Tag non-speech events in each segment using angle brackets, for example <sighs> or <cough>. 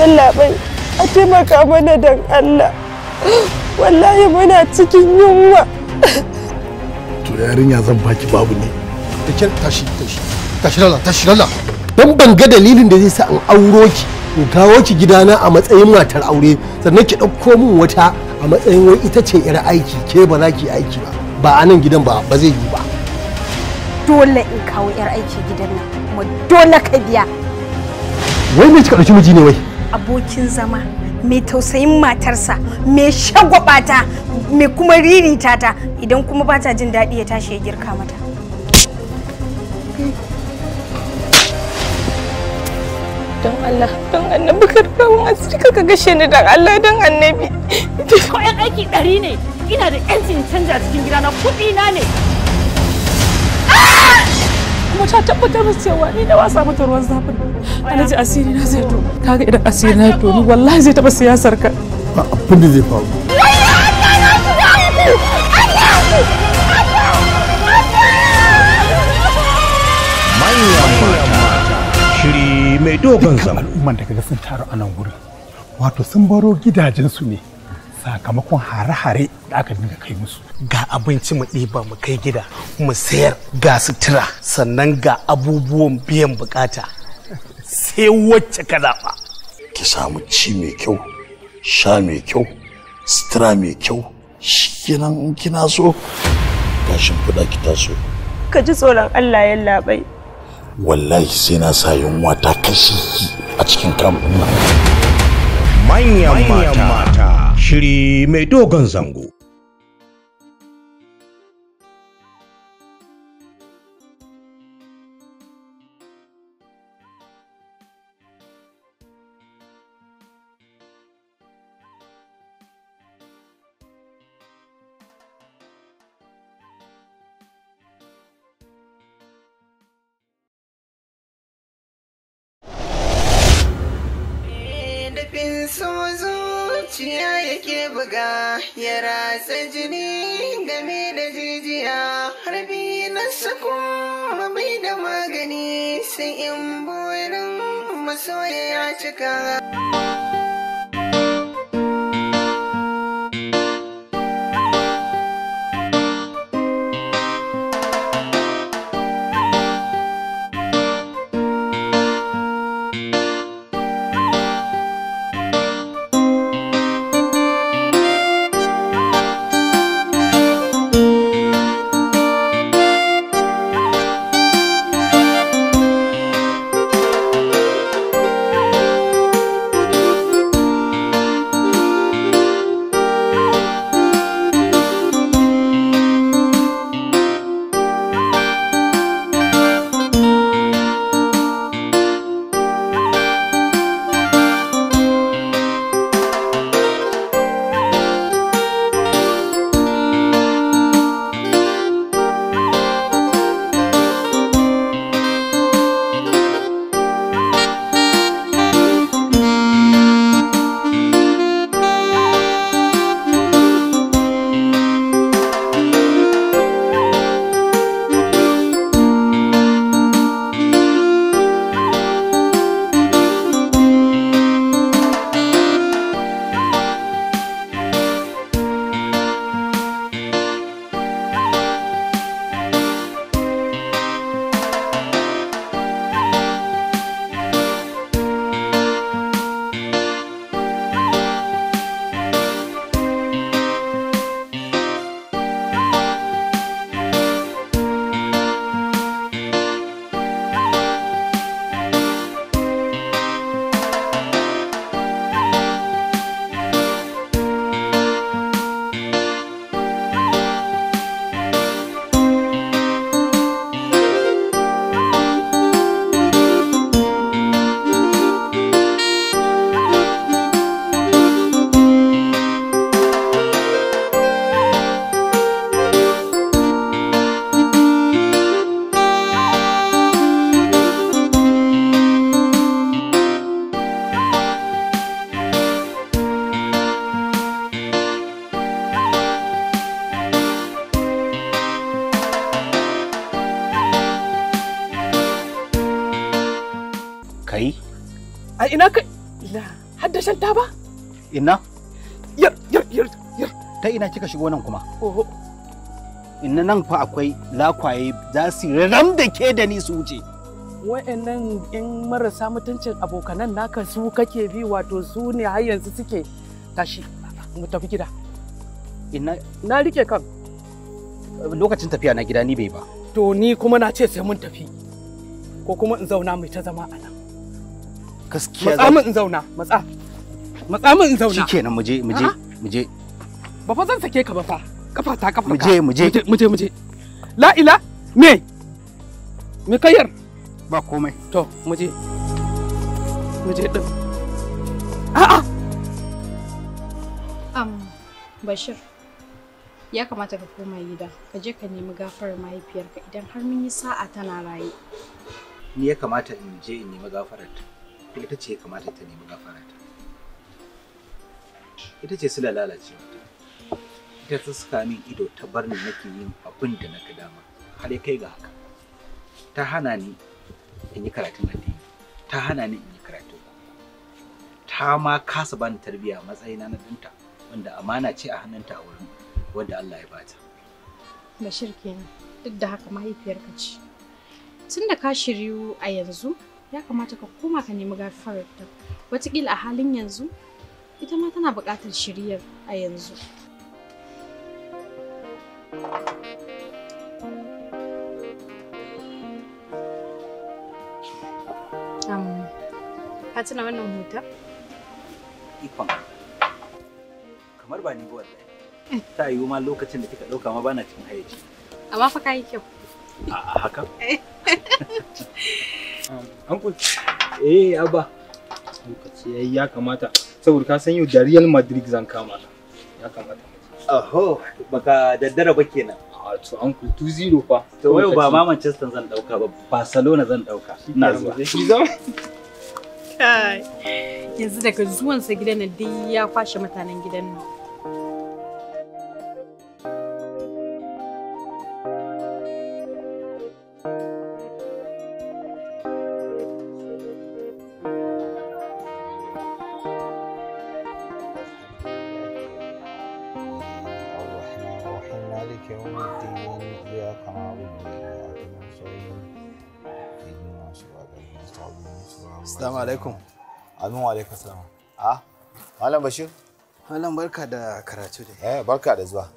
Yallaɓai, a taimaka mana don Allah. Wallahi muna cikin yunwa. To yarinya zan baki babu ne. Da kyar tashi tashi. Tashi lalla, tashi lalla. Dan ban ga dalilin da zai sa in auro ki. In kawo ki gidana a matsayin matar aure, sannan ki ɗauko min wata a matsayin wai ita ce 'yar aiki, ke ba za ki aiki ba. Ba a nan gidan ba, ba zai yi ba. dole in kawo 'yar aiki gidan nan kuma dole ka biya. Wai me kika dauki miji ne wai? abokin zama mai tausayin matarsa mai shagwabata mai kuma ririta ta idan kuma ba ta jin daɗi ya tashi ya girka mata don Allah don annabi mun asiri ka gashe ni don Allah don annabi ko yan aiki ɗari ne ina da yancin canja cikin gidana kuɗi na ne ah! kuma ta tabbatar musu cewa ni na wasa mata ruwan zafin alhaji asiri na zai to kaga idan asiri na to ni wallahi zai taba siyasar ka ba abin da zai faru shiri mai dogon zama al'umman daga kaga sun taru a nan wurin wato sun baro gidajensu ne sakamakon hare-hare da aka dinga kai musu ga abinci mu ɗiba mu kai gida mu sayar ga sutura sannan ga abubuwan biyan bukata sai wacce ka zaɓa ki samu ci mai kyau sha mai kyau sutura mai kyau shikenan kina so gashin fuda ki taso ka ji tsoron Allah ya labai wallahi sai na sa yunwa ta kashe a cikin kamfanin manyan mata shiri mai dogon zango sai in burin ya cika A ina ka Yar yar yar yar. Ta ina kika shigo nan kuma? Oho. Ina nan fa akwai lakwaye za su ram da ke da ni su wuce. Wa'annan in marasa mutuncin abokanan naka su kake bi wato su ne har yanzu suke tashi mu tafi gida. Ina na rike kan. Lokacin tafiya na gida ni bai ba. To ni kuma na ce sai mun tafi. Ko kuma in zauna mai ta zama a nan. gaskiya matsa min in zauna matsa matsa min in zauna shikenan mu je mu je mu je ba fa zan sake ka ba fa kafa ta kafa ka mu je mu je mu je la ila me me kayar ba komai to mu je mu je din a'a am bashir ya kamata ka koma gida ka je ka nemi gafarar mahaifiyarka idan har mun yi sa'a tana raye ni ya kamata in je in nemi gafararta. kuma ita ce kamata ta nemi gafara ta ita ce su lalacewa ta ita ta saka min ido ta bar ni nake yin abin da nake dama har ya kai ga haka ta hana ni in yi karatun addini ta hana ni in yi karatu ta ma kasa bani tarbiyya matsayina na dinta wanda amana ce a hannunta a wurin wanda Allah ya bata Bashir kenan duk da haka mahaifiyarka ce tun da ka shiryu a yanzu ya kamata ka koma ka nemi gafarar ta watakila a halin yanzu ita ma tana buƙatar shiryar a yanzu um, ka tuna wannan hoto. ikon kamar ba ni ba wallahi ta yiwu ma lokacin da kika ɗauka ma bana cikin hayyaci amma fa kayi kyau a haka <laughs> Uncle, eh abba. Lokaci yayi ya kamata saboda ka san yau da Real Madrid zan kama ta. Ya kamata. Aho, baka daddara ba kenan. A ah, to uncle 2-0 fa. To yau ba ma Manchester zan dauka ba, Barcelona zan dauka. Ina zuwa. Kai. Yanzu daga zuwansa gidan nan dai ya kwashe mutanen gidan nan. alaikum. Amin wa alaikum salam. A? Ah, Malam Bashir? Malam barka da karatu da Eh barka da zuwa.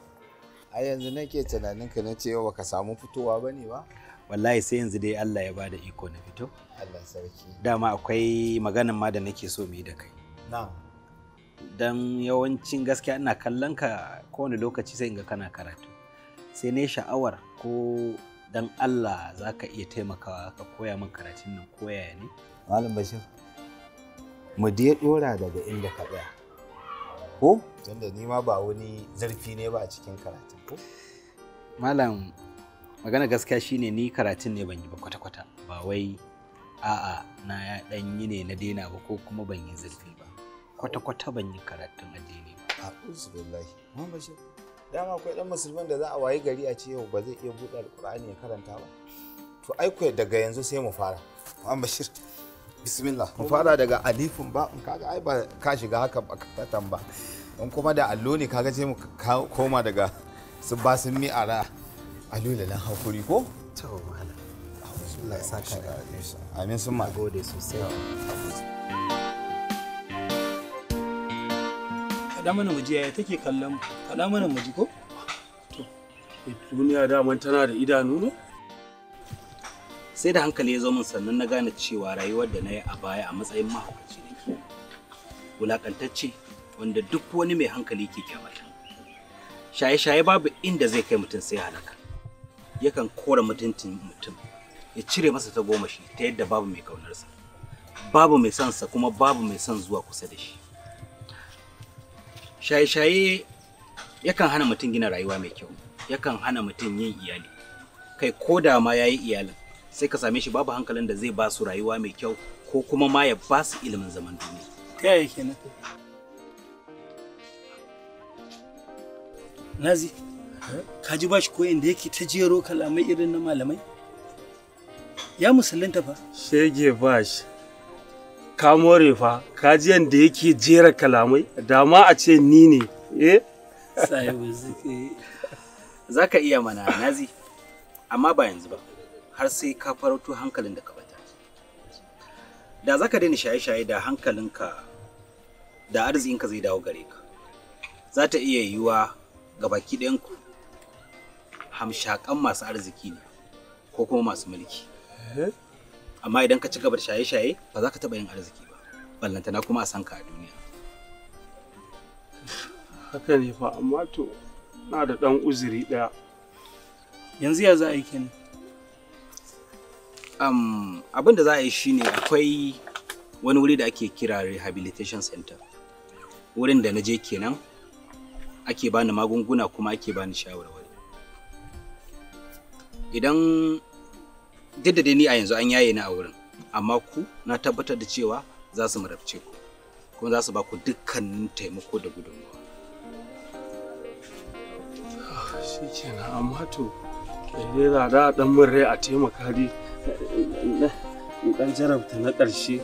A yanzu nake tunanin ka na cewa baka samu fitowa bane ba? Wallahi sai yanzu dai Allah ya bada iko na fito. Allah sarki. Dama akwai maganan ma da nake so mu yi da kai. Na'am. Dan yawancin gaskiya ina kallon ka kowane lokaci sai in ga kana karatu. Sai ne sha'awar ko dan Allah za ka iya taimakawa ka koya min karatun nan koyaya ne? Malam Bashir. mu je ɗora daga inda ka tsaya ko tunda ni ma ba wani zarfi ne ba a cikin karatun ko malam magana gaskiya shine ni karatun ne ban yi ba kwata-kwata ba wai a'a na ya dan yi ne na daina ba ko kuma ban yi zarfi ba kwata-kwata ban yi karatun addini ba a'udhu billahi mun bashir dama akwai dan musulman da za a wayi gari a ce yau ba zai iya buɗe alƙur'ani ya karanta ba to ai daga yanzu sai mu fara mun bashir bismillah mu fara daga alifin ba in kaga ai ba ka shiga haka ba katatan ba in kuma da allo ne kaga ce mu koma daga su ba sun mi ara alulan hakuri ko to malam Allah amin sun ma gode sosai faɗa mana muji yaya take kallon faɗa mana muji ko to duniya daman tana da idanu ne sai da hankali ya zo min sannan na gane cewa rayuwar da na yi a baya a matsayin mahaukaci ne wulakantacce wanda duk wani mai hankali ke kyamata shaye-shaye babu inda zai kai mutum sai halaka yakan kora mutuncin mutum ya cire masa ta goma shi ta yadda babu mai kaunarsa babu mai son sa kuma babu mai son zuwa kusa da shi shaye-shaye yakan hana mutum gina rayuwa mai kyau yakan hana mutum yin iyali kai ko da ma ya yi iyalin sai ka same shi babu hankalin da zai ba su rayuwa mai kyau ko kuma ma ya ba su ilimin zaman duniya ta yaya ko nazi ka ji bashi koyin da yake ta jero kalamai irin na malamai ya musulunta fa shege bashi ka more fa ka ji yanda yake jera kalamai dama a ce ni ne eh za ka iya mana nazi amma ba yanzu ba har sai ka farauto hankalin da ka bata da za ka daina shaye-shaye da hankalinka da arzikinka zai dawo gare ka za ta iya yiwa ga baki ɗayanku hamshakan masu arziki ne ko kuma masu mulki eh? amma idan ka ci gaba da shaye-shaye ba za ka taɓa yin arziki ba ballantana kuma a san ka a duniya haka ne fa amma to na da ɗan uzuri ɗaya yanzu ya za a yi kenan um, abin da za a yi shine akwai wani wuri da ake kira rehabilitation center wurin da na je kenan ake bani magunguna kuma ake bani shawarwari idan duk da ni a yanzu an yaye ni a wurin amma ku na tabbatar da cewa za su marabce ku kuma za su ba ku dukkanin taimako da gudunmawa ah, shi kenan amma to da dan rai a taimaka dai in ɗan jarabta na ƙarshe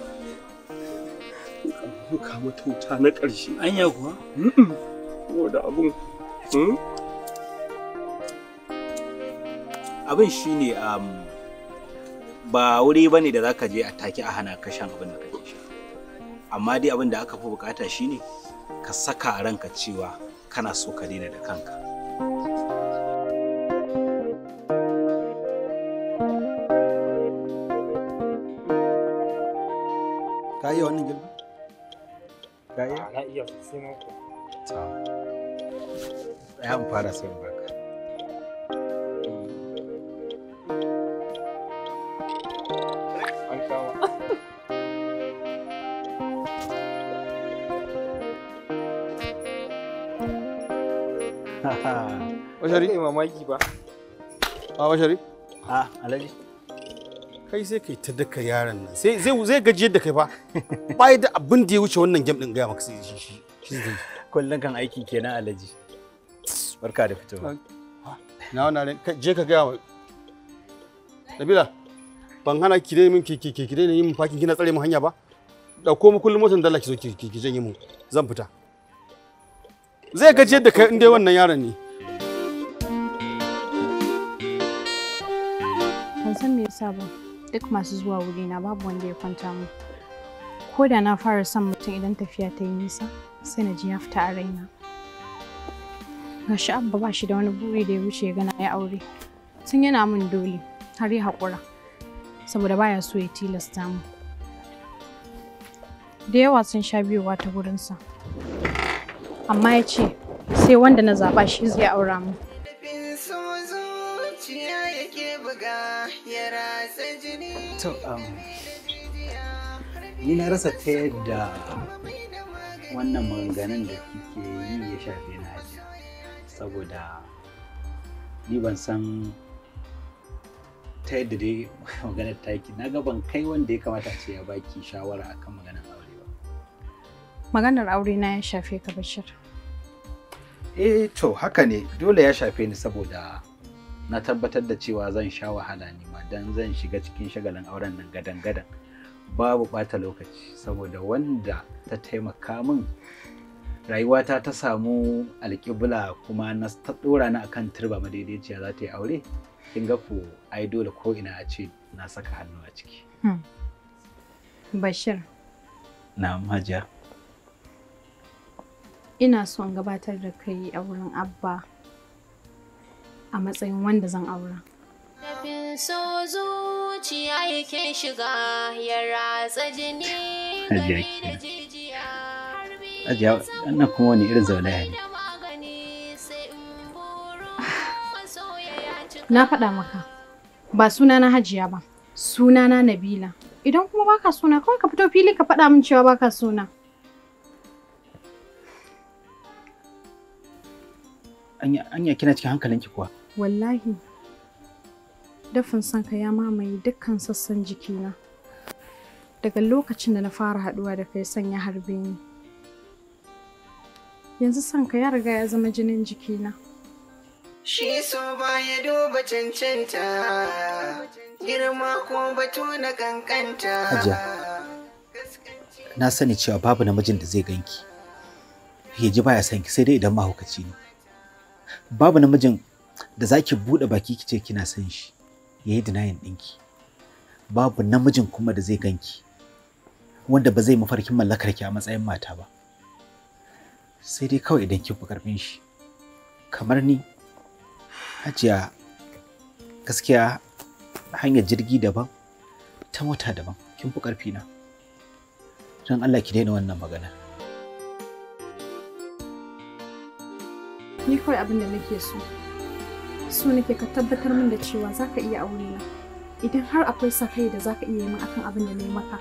ka mata wuta na ƙarshe anya kuwa da hmm? abin abin ne um, ba wuri ba ne da za ka je a take a hana ka shan abin da kake sha amma dai abin da aka fi bukata ne ka saka ranka cewa kana so ka daina da kanka ka iya wannan girbi ka iya na iya sai ma ku ta ya fara sai mu baka an kawo <laughs> Washari? Ba mamaki ba. A ah, washari? A, ah, alaji. kai sai kai ta daka yaron nan sai zai zai gaji yadda kai ba bai da abin da ya wuce wannan game din ga maka sai shi shi kullun kan aiki kenan alaji barka da fitowa ah, na wannan je ka ga Nabila ban hana ki dai min ki ki ki dai yin fakin kina tsare mu hanya ba dauko mu kullum motan dalla ki zo ki ki janye mu zan fita zai gaji yadda kai in dai wannan yaron ne ban san me yasa ba duk masu zuwa wuri na babu wanda ya kwanta mu ko da na fara son mutum idan tafiya ta yi nisa sai na ji ya fita a raina gashi abba ba shi da wani buri da ya wuce ya gana ya aure tun yana min dole har ya haƙura saboda baya so ya tilasta mu da yawa sun sha biyowa ta gurinsa amma ya ce sai wanda na zaɓa shi zai aura mu to um ni na rasa ta yadda wannan maganganun da kike yi ya shafe na hajiya saboda ni ban san ta yadda dai <laughs> maganar taki na ga ban kai wanda ya kamata ce ya baki shawara akan maganar aure ba maganar aure na ya shafe ka bashir eh to haka ne dole ya shafe ni saboda na tabbatar da cewa zan sha wahala ne ma dan zan shiga cikin shagalin auren nan gadan-gadan babu bata lokaci saboda wanda ta taimaka min rayuwata ta samu alƙibla kuma na ta ɗora na akan turba madaidaiciya za ta yi aure kin ga ku ai dole ko ina a ce na saka hannu a ciki hmm. bashir na hajiya ina son gabatar da kai a wurin abba a matsayin wanda zan aura. Tafin so zuciya yake shiga ya ratsa jini da jijiya. Ajiya, ana kuma wani irin zaulaya ne. <sighs> Na faɗa maka, ba suna na hajiya ba, suna na Nabila. Idan kuma baka suna, kawai ka fito fili ka faɗa min cewa baka suna. anya kina cikin hankalinki kuwa wallahi dafin sanka ya mamaye dukkan sassan jikina daga lokacin da na fara haduwa da kai son ya harbe ni yanzu sanka ya riga ya zama jinin jikina shi so ba ya duba cancanta girma ko batu na kankanta ajiya na sani cewa babu namijin da zai ganki Yaji ji baya sanki sai dai idan mahaukaci ne babu namijin da zaki buɗe baki kice kina son shi yayi denying ɗinki babu namijin kuma da zai ganki wanda ba zai mafarkin mallakar ki a matsayin mata ba sai dai kawai idan kin fi karfin shi kamar ni hajiya gaskiya hanyar jirgi daban ta mota daban kin fi karfi na don Allah ki daina wannan maganar ni kawai abin da nake so so nake ka tabbatar min da cewa za ka iya aure na idan har akwai sa da za ka iya yi min akan abin da na yi maka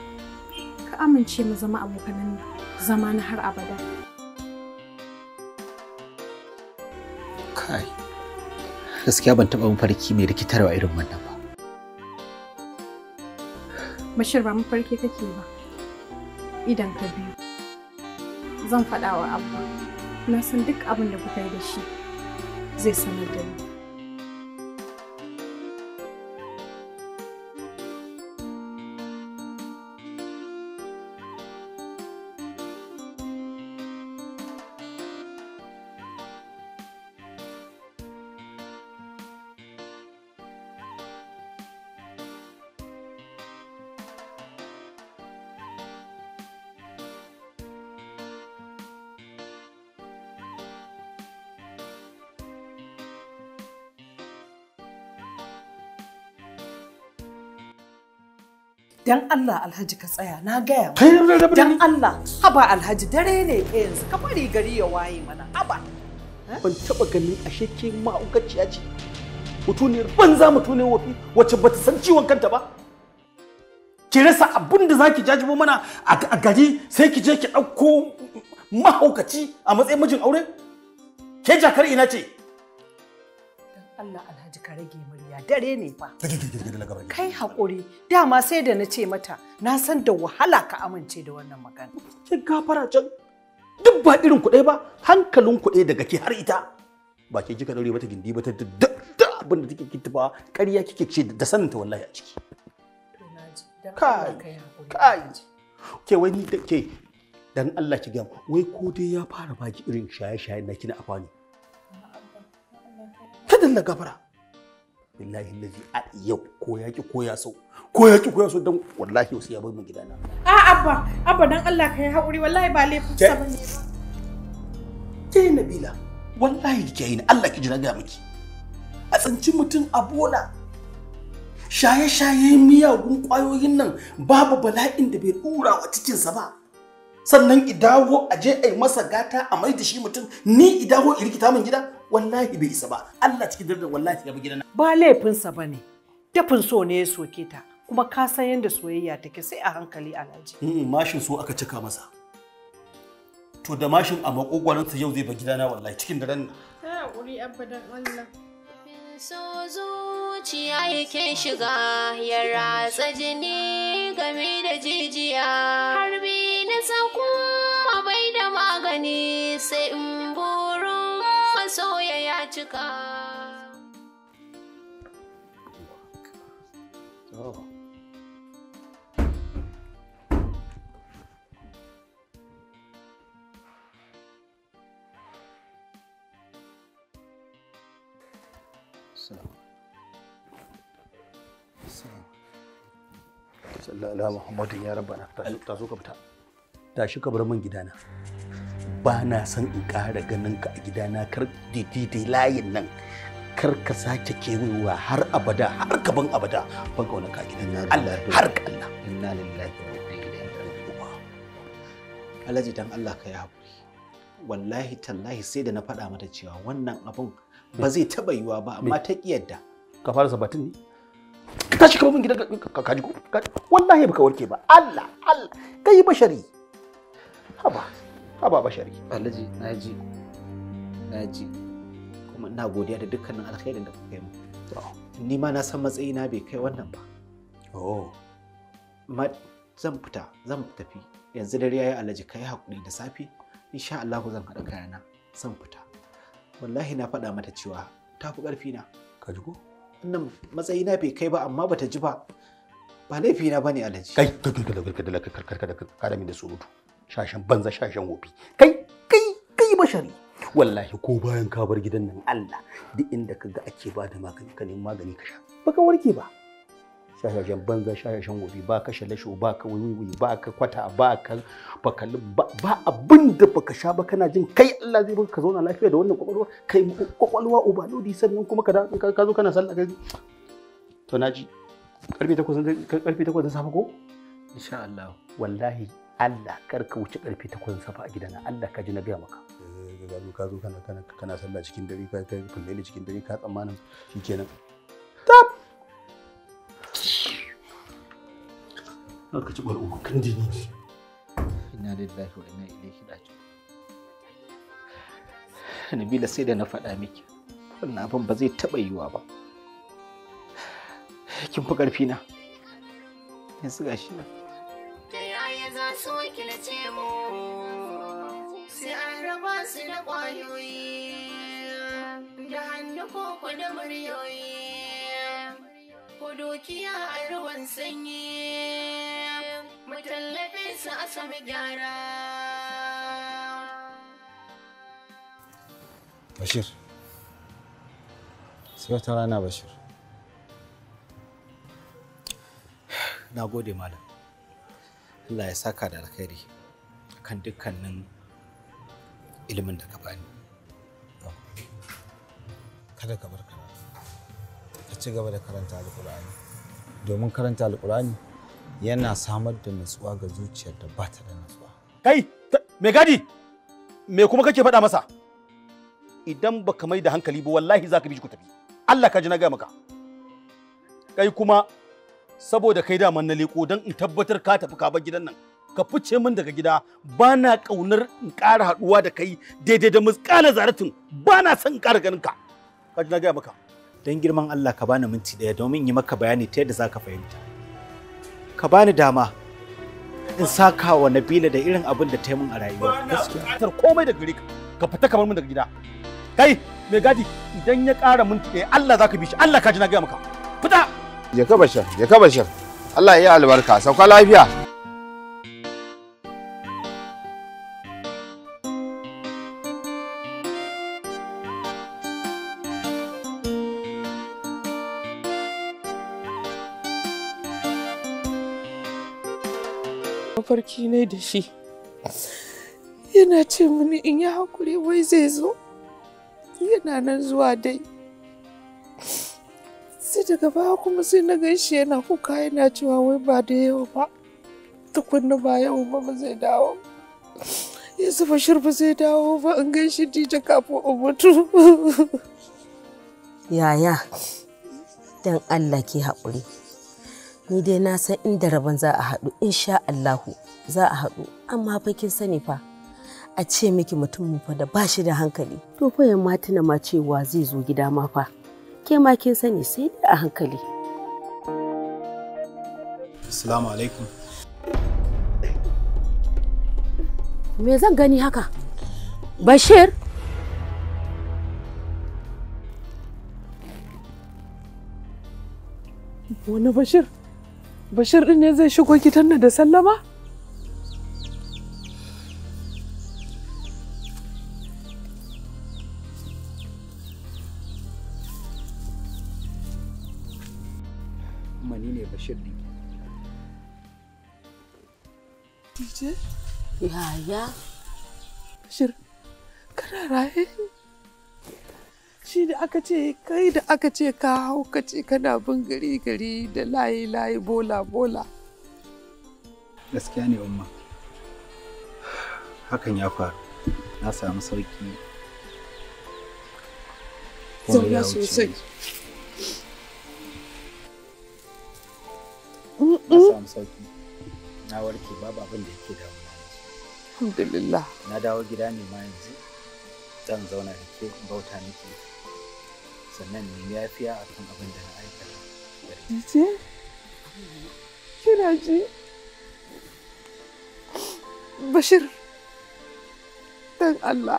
ka amince mu zama abokan zama na har abada kai gaskiya ban taɓa mafarki mai rikitarwa irin wannan ba bashir ba mafarki kake ba idan ka biyu zan faɗa wa abba na san duk abin da kuka yi da shi zai sanar da ni Dan Allah Alhaji ka tsaya na gaya maka. Dan Allah haba Alhaji dare ne fa yanzu ka bari gari ya waye mana haba. Ban taba ganin ashe ke ma'aukaciya ce. Mutuniyar banza mutuniyar wafi wacce bata san ciwon kanta ba. Ki rasa abin da ki jajibo mana a gari sai ki je ki ɗauko mahaukaci a matsayin mijin aure? Ke jakar ina ce? Allah Alhaji ka rage murya dare ne fa. Kai haƙuri dama sai da na ce mata na san da wahala ka amince da wannan magana. Ke gafara can duk ba irin kuɗai ba hankalin kuɗai daga ke har ita. Ba ke jika daure mata gindi ba ta da abin da take kitaba ƙarya kike ce da sanin ta wallahi a ciki. Kai kai ke wani da ke dan Allah ki ga wai ko dai ya fara baki irin shaye-shaye na kina afani. sadin na gafara billahi lazi a yau ko ya ki ko ya so ko ya ki ko ya so dan wallahi wasu ya bar mu gidana a abba abba dan Allah ka yi haƙuri wallahi ba laifin sa bane ba ke nabila wallahi ki yi Allah ki jira ga miki a tsanci mutum a bola shaye-shaye miyagun ƙwayoyin nan babu bala'in da bai dura wa cikinsa ba sannan idawo a je a yi masa gata a mai da shi mutum ni idawo irikita min gida wallahi bai isa ba Allah cikin dardar wallahi gaba gidana ba laifinsa ba ne dafin so ne ya soke ta kuma ka san yadda soyayya take sai a hankali alhaji mashin so aka cika masa to da mashin a ta yau zai ba gidana wallahi cikin daren nan ta hakuri abadan Allah so zuciya yake shiga ya ratsa jini game da jijiya harbi na sako bai da magani sai in bu muzyka. O. So. So. Sallallahu Muhammadin ya rabba na tashi ka fita. Tashi ka bar min gidana. ba na son in ƙara ganin ka a gidana kar daidai layin nan kar ka sake kewayowa har abada har gaban abada ban ka wani ka gidan Allah har ka Allah inna lillahi wa inna ilaihi raji'un Alhaji dan Allah ka ya haƙuri wallahi tallahi sai da na faɗa mata cewa wannan abun ba zai taɓa yiwa ba amma ta ƙi yadda ka fara sabatin ne ka tashi ka bin gidan ka kaji ko wallahi baka warke ba Allah Allah kai bashari haba haba bashari alhaji na ji kuma ina godiya da dukkanin alkhairin da kuka yi mu ni ma na san matsayina bai kai wannan ba oh ma zan fita zan tafi yanzu dare yayi alhaji kai hakuri da safe insha Allah zan hada kayana zan fita wallahi na faɗa mata cewa ta fi ƙarfi na ka ji ko wannan matsayina bai kai ba amma bata ji ba ba laifina bane alhaji kai ka da surutu shashen banza shashen wofi kai kai kai bashari wallahi ko bayan ka bar gidan nan Allah duk inda ka ga ake ba da magani ka nemi magani ka sha baka warke ba shashashen banza shashashen wofi ba ka shalasho ba ka wuyi-wuyi, ba ka kwata ba ka bakali ba abin da baka sha ba kana jin kai Allah zai baka ka zauna lafiya da wannan kwakwalwa kai kwakwalwa ubalodi sannan kuma ka ka zo kana sallah kai to naji karfe 8 karfe 8 safe ko insha Allah wallahi Allah kar ka wuce karfe takwas safa a gidana Allah ka ji na gaya maka gado ka zo kana kana kana sallah cikin dare ka kai kullele cikin dare ka tsammanin shikenan tab ka ci bar uku kan jini inna lillahi wa inna ilaihi raji'un Nabila sai da na faɗa miki wannan abin ba zai taɓa yiwa ba kin fi ƙarfi na yanzu gashi nan su an raba su da ƙwayoyi da hannu a ruwan sanyi bashir sai wata rana bashir <sighs> na gode malam Allah ya saka da alkhairi kan dukkanin ilimin da ka bani kada ka bar karatu ka ci gaba da karanta alkur'ani domin karanta alkur'ani yana samar da nutsuwa ga zuciyar da ba ta da nutsuwa. kai me gadi me kuma kake faɗa masa idan baka mai da hankali ba wallahi zaka bi ku tafi Allah ka ji na ga maka kai kuma saboda kai daman na leko don in tabbatar ka tafi kaba gidan nan ka fice min daga gida ba na ƙaunar in ƙara haɗuwa da kai daidai da musƙala zaratin ba na son in ƙara ganin ka ka ji na gaya maka don girman Allah ka bani minti ɗaya domin yi maka bayani ta yadda za ka fahimta ka bani dama in saka wa Nabila da irin abin da ta yi min a rayuwa gaskiya komai da gare ka ka fita kamar min daga gida kai mai gadi idan ya ƙara minti ɗaya Allah za ka bi shi Allah ka ji na gaya maka fita ya kaba shan ya kaba shan Allah ya yi albarka sauka lafiya mafarki ne da shi yana ce mini in yi hakuri wai zai zo yana nan zuwa dai sai daga baya kuma sai na gan shi yana kuka yana cewa wai ba da yawa ba tukunna ba yau ba ba zai dawo yanzu bashir ba zai dawo ba in gan shi dija kafin in mutu yaya dan allah ke haƙuri ni dai na san inda rabon za a haɗu insha allahu za a haɗu amma fa kin sani fa a ce miki mutum fa da ba shi da hankali to fa yamma tuna ma cewa zai zo gida ma fa ke ma kin sani sai dai a hankali assalamu alaikum me zan gani haka bashir wani bashir bashir din ne zai shigo gidan da sallama Yaya? Bashir, kana raye? Shi da aka ce, kai da aka ce ka hau ka ce kana bin gari gari da layi layi bola bola. Gaskiya ne, umma. Hakan ya faru. Na samu sauki. Zauna sosai. Na samu sauki. Na warke babu abin da yake damu. alhamdulillah na dawo gida ne ma yanzu zan zauna da ke bauta niki sannan ne yafiya a kan abin da na aikata Dice? Kina ji? Bashir, dan Allah,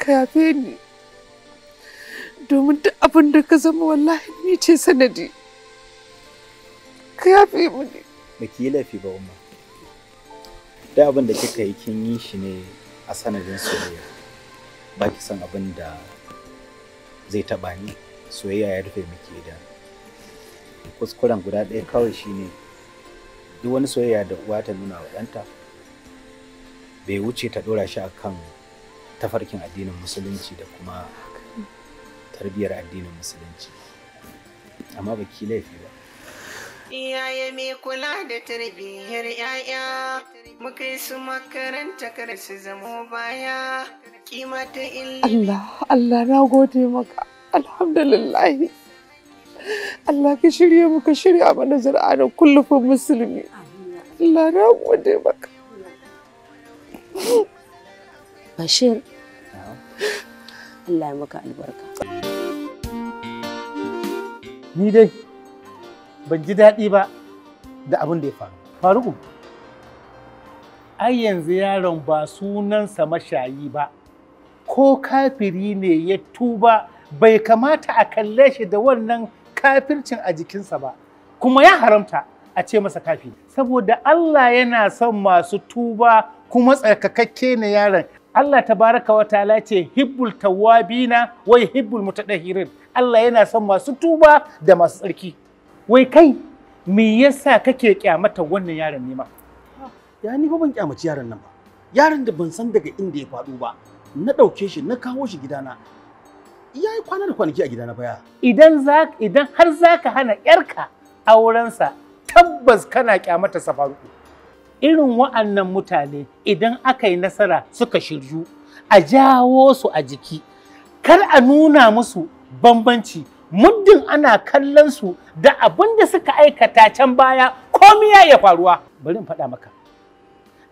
ka yafe ni domin duk abin da ka zama wallahi ni ce sanadi. Ka yafe mu ne. Ba ki yi laifi ba, Umar. duk abin da kika yi kin yi shi ne a sanadin soyayya ba ki san abin da zai taɓa ni soyayya ya rufe miki da. kuskuren guda ɗaya kawai shi ne. duk wani soyayya da uwa ta nuna wa ɗanta bai wuce ta ɗora shi a kan tafarkin addinin musulunci da kuma tarbiyyar addinin musulunci amma ba ki laifi ba iyaye mai kula da tarbiyyar 'ya'ya muka yi su makaranta kar su zamo baya kima ta Allah Allah na gode maka alhamdulillah Allah ka shirya muka shirya mana zara'a da kullufin musulmi Allah na gode maka Bashir Allah ya maka albarka ni dai ban ji daɗi ba da abin da ya faru faruku ai yanzu yaron ba sunansa mashayi ba ko kafiri ne ya tuba bai kamata a kalle shi da wannan kafircin a jikinsa ba kuma ya haramta a ce masa kafi saboda Allah yana son masu tuba kuma tsarkakakke ne yaron Allah ta baraka wa ta'ala ce hibbul tawabina wai hibbul mutadahirin Allah yana son masu tuba da masu tsarki wai kai me yasa kake kyamata wannan yaron ne ma ya ni ba ban kyamaci yaron nan ba yaron da ban san daga inda ya faɗo ba na ɗauke shi na kawo shi gidana ya yi kwana da kwanaki a gidana baya idan za idan har ka hana yarka aurensa tabbas kana kyamata safaru irin wa'annan mutane idan aka yi nasara suka shirju a jawo su a jiki kar a nuna musu bambanci muddin ana kallon su da abin da suka aikata can baya komiya ya faruwa bari in faɗa maka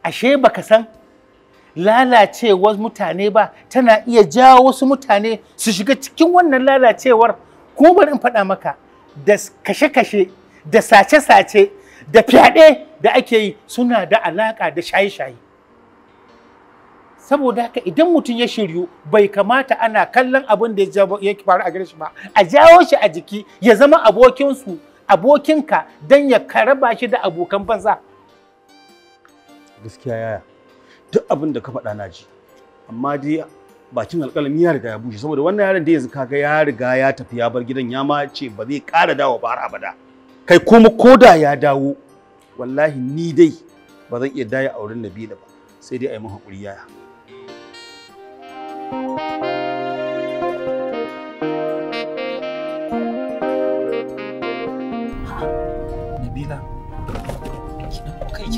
ashe baka san lalacewar mutane ba tana iya jawo wasu mutane su shiga cikin wannan lalacewar kuma bari in faɗa maka da kashe-kashe da sace-sace da fyaɗe da ake yi suna da alaƙa da shaye-shaye saboda haka idan mutum ya shiryu bai kamata ana kallon abin da ya faru a gare shi ba a jawo shi a jiki ya zama abokinsu abokinka don ya karaba shi da abokan banza gaskiya yaya duk abin da ka faɗa na ji amma dai bakin alƙalami ya riga ya bushe saboda wannan yaron da yanzu kaga ya riga ya tafi ya bar gidan ya ma ce ba zai ƙara dawo ba har abada kai kuma koda ya dawo wallahi ni dai ba zan iya daya auren Nabila ba sai dai a yi mun haƙuri yaya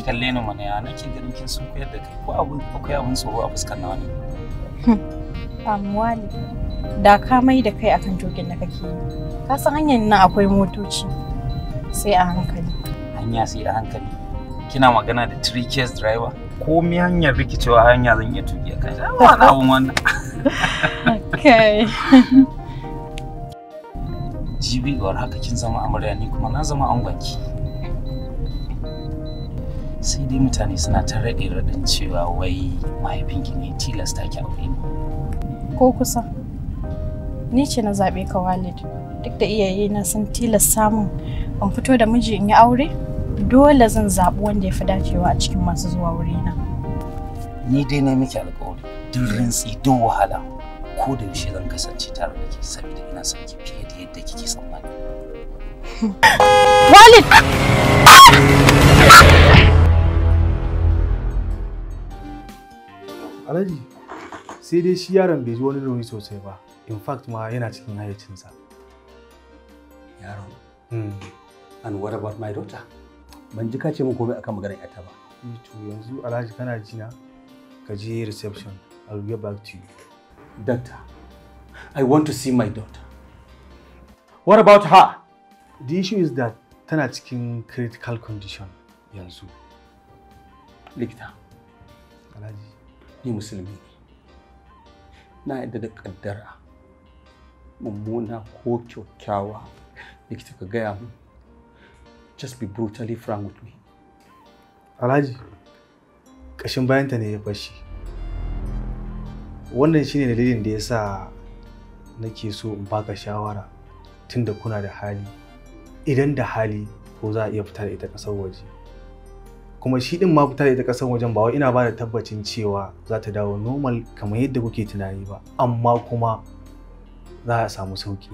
kalle ni mana ya nake ganin kin sun koyar da kai ko abun akwai abun tsoro a fuskar nawa hmm, ne. Amwali da ka mai da kai akan jogin da kake yi. Ka san hanyar nan akwai motoci sai a hankali. Hanya sai a hankali. Kina magana da three case driver? Ko mi hanyar rikicewa hanya zan iya tuki a kai. Ba abun wannan. okay. <laughs> Jibi war haka kin zama amarya ni kuma na zama angwanki. Sai dai mutane suna ta raɗin cewa wai mahaifinki ne tilasta ki aure ni. Ko kusa. Ni ce na zaɓe ka Walid. Duk da iyaye na sun tilasta min Ban fito da miji in yi aure, dole zan zaɓi wanda ya fi dacewa a cikin masu zuwa wurina. Ni dai na miki alƙawari. duk rintsi duk wahala ko da yaushe zan kasance tare da ke saboda ina son ki fiye da yadda kike tsammani Walid Alhaji sai dai shi yaron bai ji wani rauni sosai ba in fact ma yana cikin hayyacinsa yaron mm. and what about my daughter ban ji ka ce min komai akan maganar yata ba eh, to yanzu Alhaji kana jina ka je reception I'll get back to you. Doctor, I want to see my daughter. What about her? The issue is that tana cikin critical condition yanzu. Likita, Alhaji, ni musulmi ne. Na yadda da kaddara mummuna ko kyakkyawa. Likita ka gaya mu. Just be brutally frank with me. Alhaji, ƙashin bayanta ne ya bashi. wannan shine dalilin da ya sa nake so in baka shawara tunda kuna da hali idan da hali ko za a iya fita da ita kasar waje kuma shi din ma fita da ita kasar wajen ba wai ina ba da tabbacin cewa za ta dawo normal kamar yadda kuke tunani ba amma kuma za a samu sauki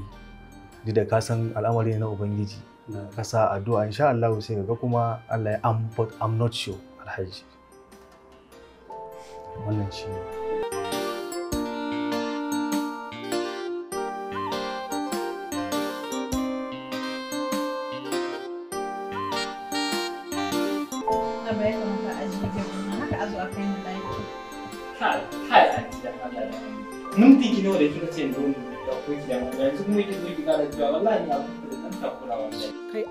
duk da ka san al'amari na ubangiji ka sa addu'a insha Allah sai ga kuma Allah ya am but not sure alhaji wannan shi ne kai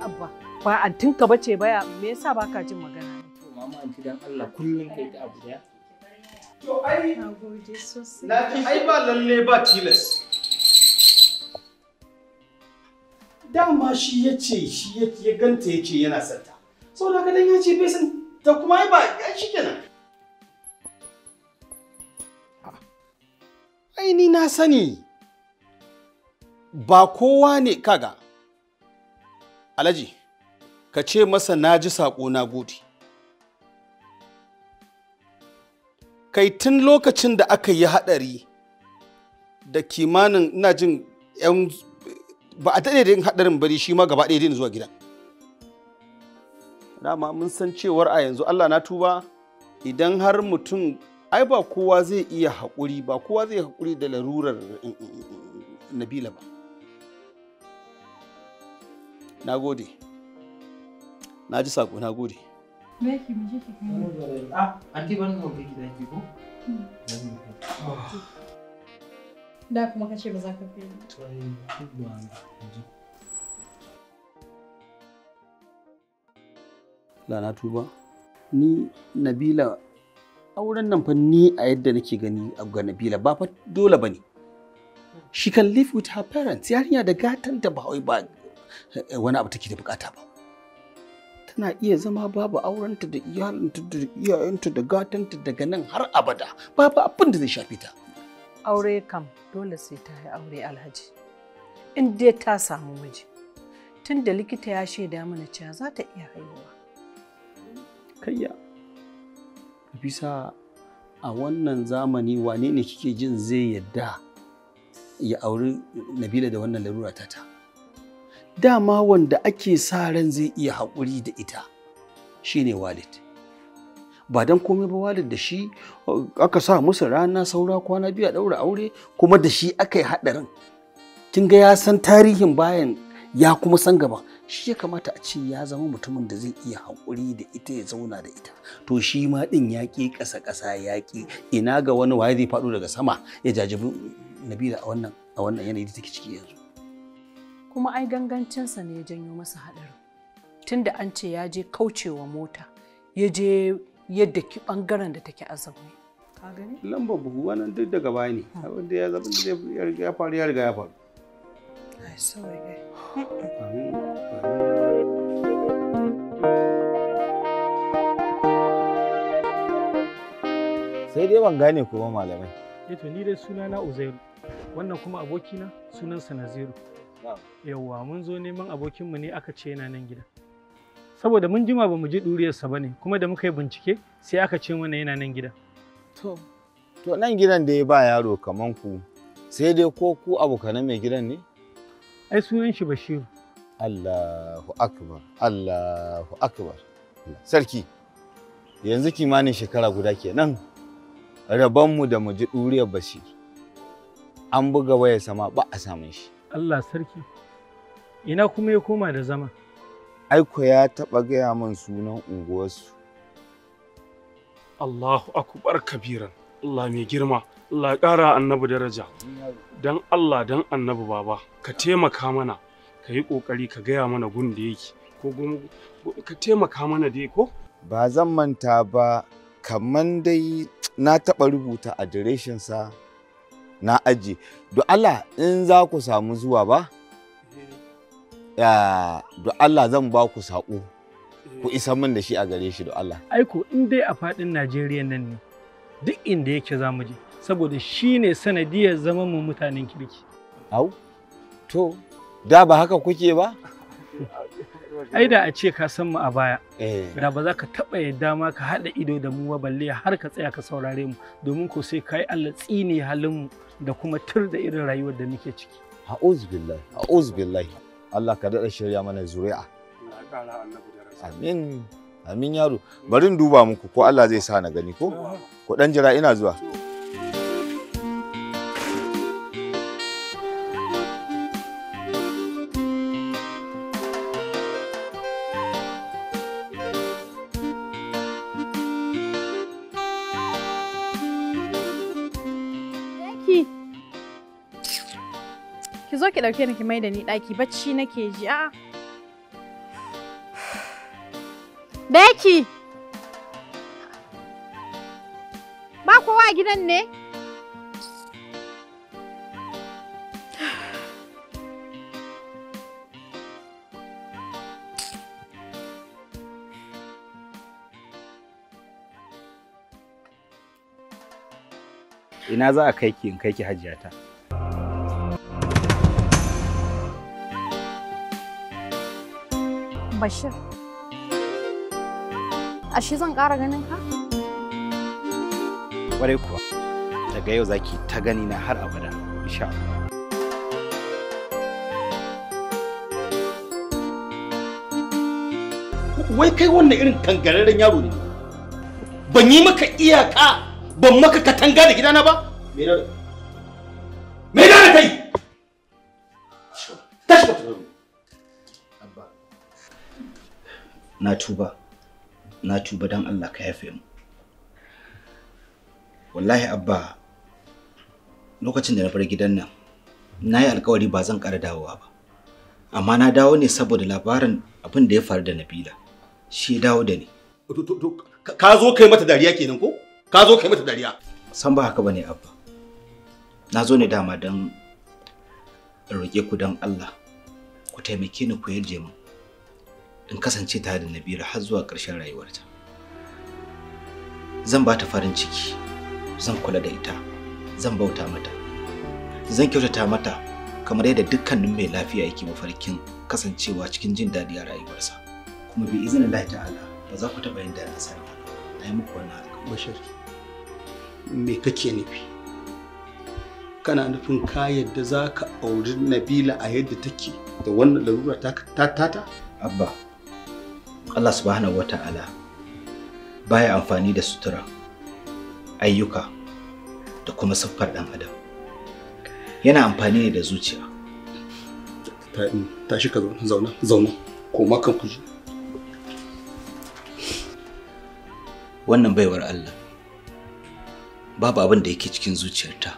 abba ba an antin ka bace baya me yasa baka jin magana to mama anti dan Allah kullun kai ta abu daya to ai nagode sosai na ci ai ba lalle ba tilas dama shi ya ce shi ya ganta ya ce yana santa saboda haka dan ya ce bai san ta kuma ai ba ya shi kenan ai ni na sani ba kowa ne kaga alaji ka ce masa na ji saƙo na gode kai tun lokacin da aka yi haɗari da kimanin ina jin 'yan ba a daɗe da yin haɗarin bari shi ma gaba ɗaya zuwa gida dama mun san cewar a yanzu allah na tuba idan har mutum ai ba kowa zai iya haƙuri ba kowa zai haƙuri da larurar eh, eh, eh, nabila ba na gode na ji sako na gode ah, hmm. da kuma ka ce ba za ka fi la tuba ni nabila auren nan fa ni a yadda nake gani a ganabila ba fa dole ba ne. She can live with her parents yarinya da gatan ta ba wai ba eh, wani abu take da bukata ba. Tana iya zama babu aurenta da iyalinta da iyayenta da gatanta daga nan har abada babu abin da zai shafe ta. Aure kam dole sai ta yi aure alhaji. In dai ta samu miji. Tun da likita ya shaida mana cewa za ta iya haihuwa. Kayya. bisa a wannan zamani wane ne kike jin zai yadda ya auri nabila da wannan larura ta ta dama wanda ake sa ran zai iya haƙuri da ita shine walid ba don komai ba walid da shi uh, aka sa musu rana saura kwana biyu a ɗaura aure kuma da shi aka yi haɗarin kin ga ya san tarihin bayan ya kuma san gaba shi ya kamata a ce ya zama mutumin da zai iya haƙuri da ita ya zauna da ita to shi ma ɗin ya ƙi ƙasa ƙasa ya ƙi ina ga wani waye zai faɗo daga sama ya jajibi nabila a wannan a wannan yanayi da take ciki yanzu kuma ai gangancinsa ne ya janyo masa haɗarin tunda an ce ya je kaucewa mota ya je yadda ki ɓangaren da take azumi Lamba buhu wannan duk daga baya ne hmm. abin da ya zama ya faru ya riga ya faru ai sorry sai dai ban gane kuma malamai eh to ni dai suna na uzairu wannan kuma abokina sunansa naziru yawwa mun zo neman abokinmu ne aka ce yana nan gida saboda mun jima ba mu ji ɗuriyarsa ba ne kuma da muka yi bincike sai aka ce mana yana nan gida to to nan gidan da ya ba yaro kaman ku sai dai ko ku abokanan mai gidan ne ai sunan shi Bashiru. Allahu akbar, Allahu akbar. Sarki, yanzu kimanin shekara guda kenan rabonmu da mu ji ɗuriyar Bashir. An buga waya sama ba a samun shi. Allah sarki, ina kuma ya koma da zama. Aiko ya taɓa gaya min sunan unguwarsu. Allahu akbar kabiran. Allah mai girma Allah ƙara annabi daraja don Allah don annabi baba ka taimaka mana ka yi ƙoƙari ka gaya mana gun da yake ko ka taimaka mana dai ko ba zan manta ba kamar dai na taɓa rubuta adireshinsa na aji do Allah in za ku samu zuwa ba eh. do Allah zan ba ku saƙo ku eh. isa min da shi a gare shi do Allah aiko in dai a faɗin Najeriya nan ne duk inda yake za mu je saboda shi ne sanadiyar zama mu mutanen kirki au to da ba haka kuke ba ai da a ce ka san mu a baya eh. da ba za ka taɓa yadda ma ka haɗa ido da mu ba balle har ka tsaya ka saurare mu domin ko sai ka yi allah tsini halin mu da kuma tur da irin rayuwar da muke ciki a'udhu billahi billahi Allah ka daɗa shirya mana zuri'a amin Amin yaro. Bari in duba muku ko Allah zai sa na gani ko? Ku dan jira ina zuwa. ki zo ki ɗauke ni ki mai da ni ɗaki bacci nake ji a'a Beki! Ba kowa a gidan ne? Ina za a kai ki in kai ki hajiyata? Bashir. ashe zan ƙara ganin ka? Ƙwarai kuwa, daga yau zaki ta gani na har abada, insha Allah. Wai kai wannan irin kangararren yaro ne. Ban yi maka iyaka, ban maka katanga da gidana ba? Me da Me da kai? Na tuba. na tuba don Allah ka yafe mu wallahi abba lokacin da na bar gidan nan na yi alkawari ba zan ƙara dawowa ba amma na dawo ne saboda labarin abin da ya faru da nabila shi ya dawo da ni ka zo kai mata dariya kenan ko ka zo kai mata dariya san ba haka bane abba na zo ne dama don roƙe ku don Allah ku taimake ni ku yaje mu in kasance tare da Nabila har zuwa ƙarshen rayuwarta. Zan ba ta farin ciki, zan kula da ita, zan bauta mata, zan kyautata mata kamar yadda dukkanin mai lafiya yake mafarkin kasancewa cikin jin daɗi a rayuwarsa. Kuma bi izinin Allah ta'ala ba za ku taɓa yin da na sani na yi muku wannan alƙawari. Bashir, me kake nufi? Kana nufin ka yadda za ka auri Nabila a yadda take da wannan larura ta tata? Abba, Allah subhanahu wa ta'ala baya amfani da sutura ayyuka da kuma siffar ɗan adam yana amfani da zuciya tashi ka zauna zauna ko kan ku wannan baiwar Allah babu abin da yake cikin zuciyarta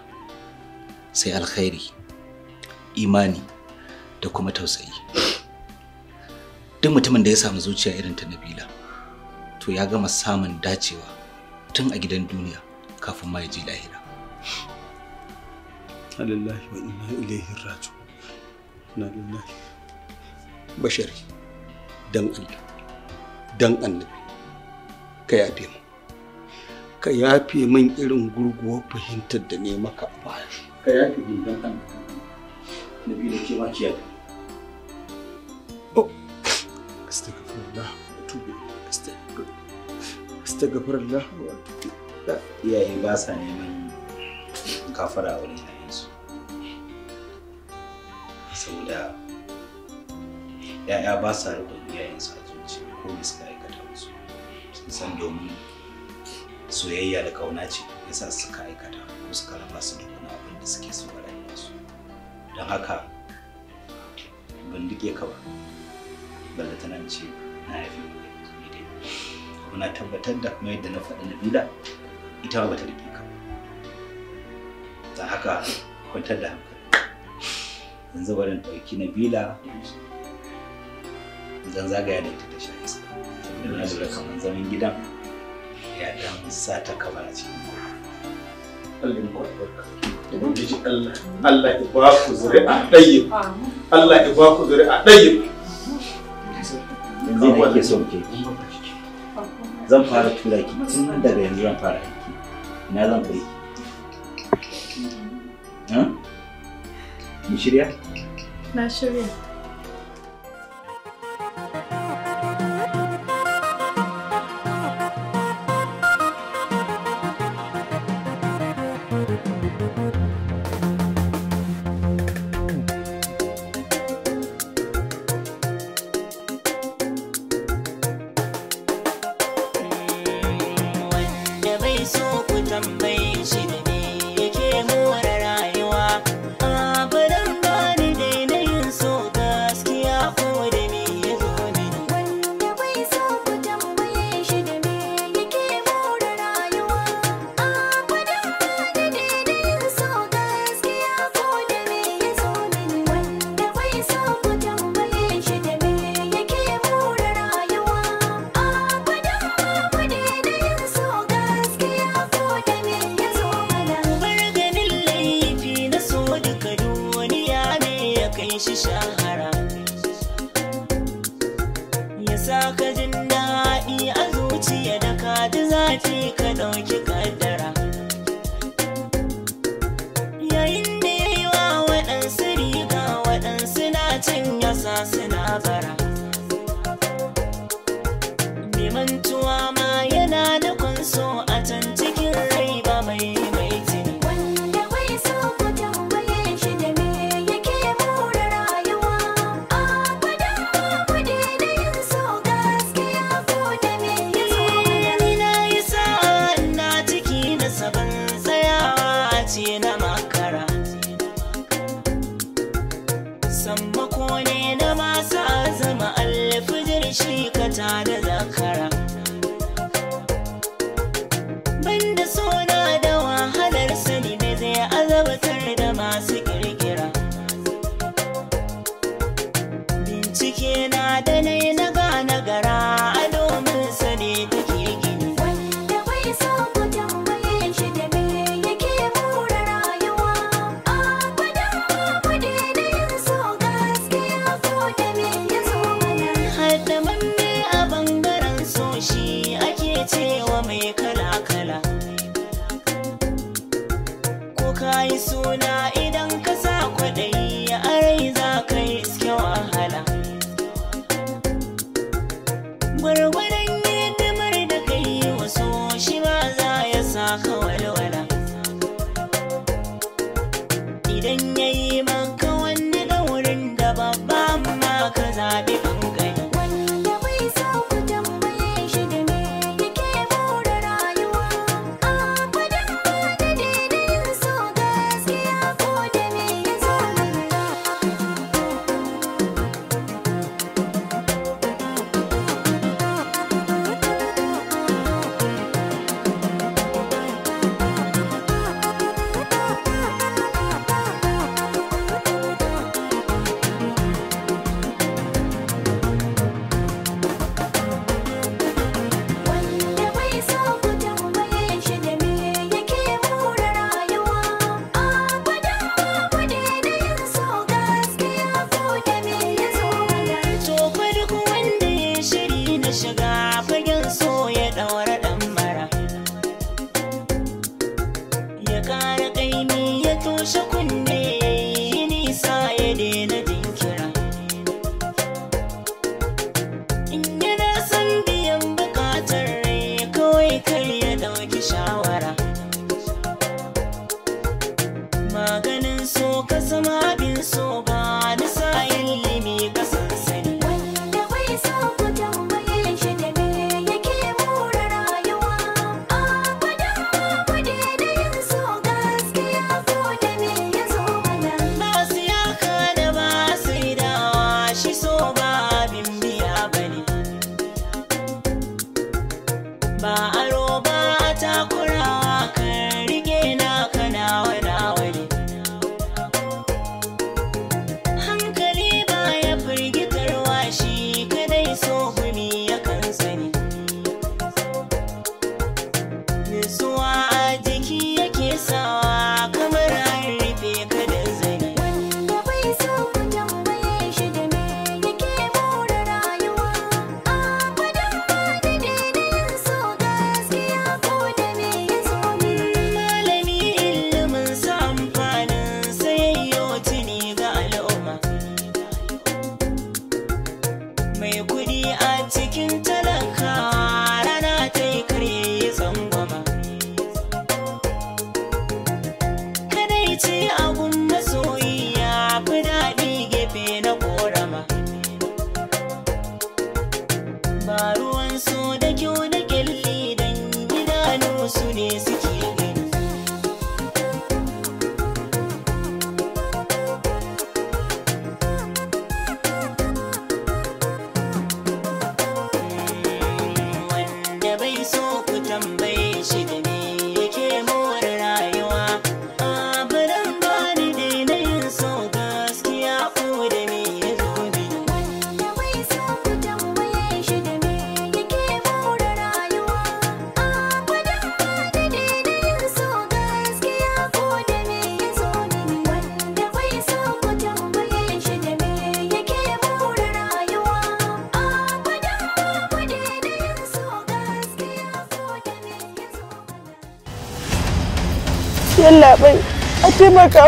sai alkhairi imani da kuma tausayi duk mutumin da ya samu zuciya irin ta nabila to ya gama samun dacewa tun a gidan duniya kafin ma ya je lahira alillahi wa inna ilaihi raju na lillahi bashari dan allah dan annabi ka yafe mu ka yafe min irin gurguwar fahimtar da ne maka a baya ka yafe min dan annabi nabila ke ma ki yafe oh أستغفر الله وأتوب إليه أستغفر iyaye ba sa neman kafara wurin yayansu saboda ya'ya ba sa rubin yayansu a zuci ko da suka aikata musu sun san domin soyayya da kauna ce ya sa suka aikata ko suka raba su da wani abin da suke so a rayuwarsu don haka ban duke ka ba balle tana ce na haifi daidai muna tabbatar da kuma yadda na faɗi na duda ita ba ta rike ka ta haka kwantar da hankali yanzu bari ɗauki na bila zan zagaya da ita ta sha iska saboda na lura kamar zaman gidan ya dan sa ta kamar a cikin Allah ya ba ku zuri'a ɗayyib Allah ya ba ku zuri'a ɗayyib nake so ke zan fara tura ki tun daga yanzu zan fara aiki ina zan ha ki shirya na shirya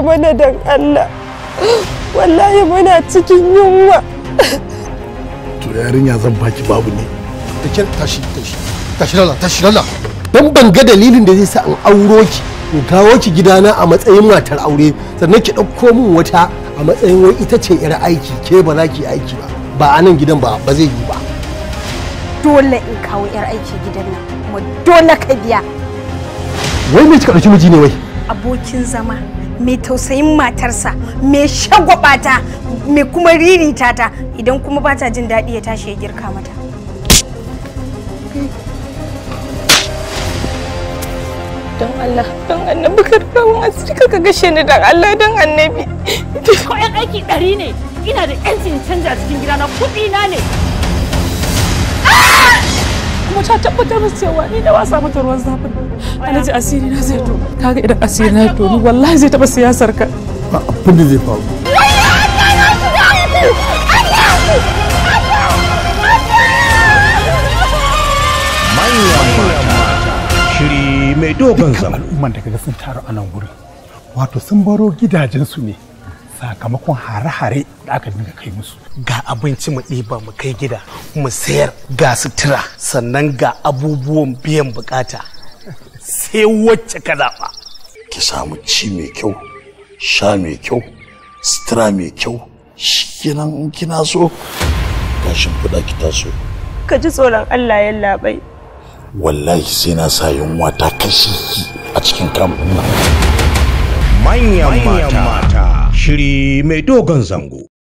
mana don Allah wallahi muna cikin yunwa to yarinya zan baki babu ne ta kin tashi tashi tashi lalla tashi lalla dan ban ga dalilin da zai sa an auro ki in kawo ki gidana a matsayin matar aure sannan ki ɗauko min wata a matsayin wai ita ce yar aiki ke ba za ki aiki ba ba a nan gidan ba ba zai yi ba dole in kawo yar aiki gidan nan kuma dole ka biya wai me kika ɗauki miji ne wai abokin zama mai tausayin matarsa mai shagwabata mai kuma ririta ta idan kuma ba ta jin daɗi ya tashi ya girka mata don Allah don annabi ka rawun asiri ka gashe ni don Allah don annabi ko yan aiki ɗari ne ina da ƴancin canja cikin gidana kuɗi na ne kuma ta tabbatar musu cewa ni da ba sa mata ruwan zafin alhaji asiri na zai to kaga idan asiri na to ni wallahi zai taba siyasar ka ba abin da zai faru shiri mai dogon zama al'umman da kaga sun taru a nan wurin wato sun baro gidajensu ne sakamakon hare-hare da aka dinga kai musu ga abinci mu ɗiba mu kai gida mu sayar ga sutura sannan ga abubuwan biyan bukata sai wacce ka zaɓa ki samu ci mai kyau sha mai kyau sutura mai kyau shikenan in kina so tashin kuɗa ki taso ka ji tsoron Allah ya labai wallahi sai na sa yunwa ta kashi a cikin kamfanin manyan mata Shiri mai dogon zango